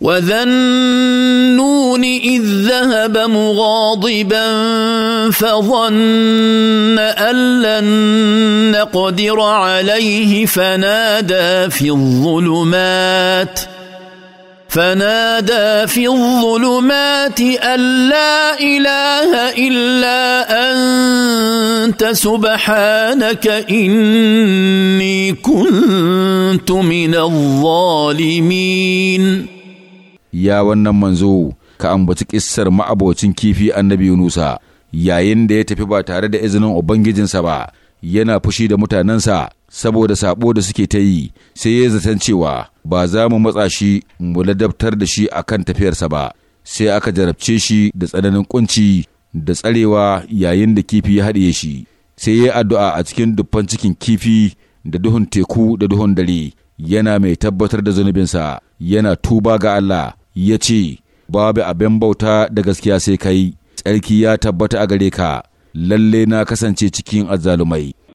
وذا النون إذ ذهب مغاضبا فظن أن لن نقدر عليه فنادى في الظلمات فنادى في الظلمات أن لا إله إلا أنت سبحانك إني كنت من الظالمين ya wannan manzo ka ambaci kissar ma'abocin kifi annabi Yunusa yayin da ya tafi ba tare da izinin ubangijinsa ba yana fushi da mutanensa saboda sabo da suke ta yi sai ya zaton cewa ba za mu matsa shi mu ladabtar da shi a kan tafiyarsa ba sai aka jarabce shi da tsananin kunci da tsarewa yayin da kifi ya haɗiye shi sai ya addu'a a cikin dubban cikin kifi da duhun teku da duhun dare yana mai tabbatar da zunubinsa yana tuba ga Allah ya ce, Babu abin bauta da gaskiya sai kai, tsarki ya tabbata a gare ka, lalle na kasance cikin azzalumai.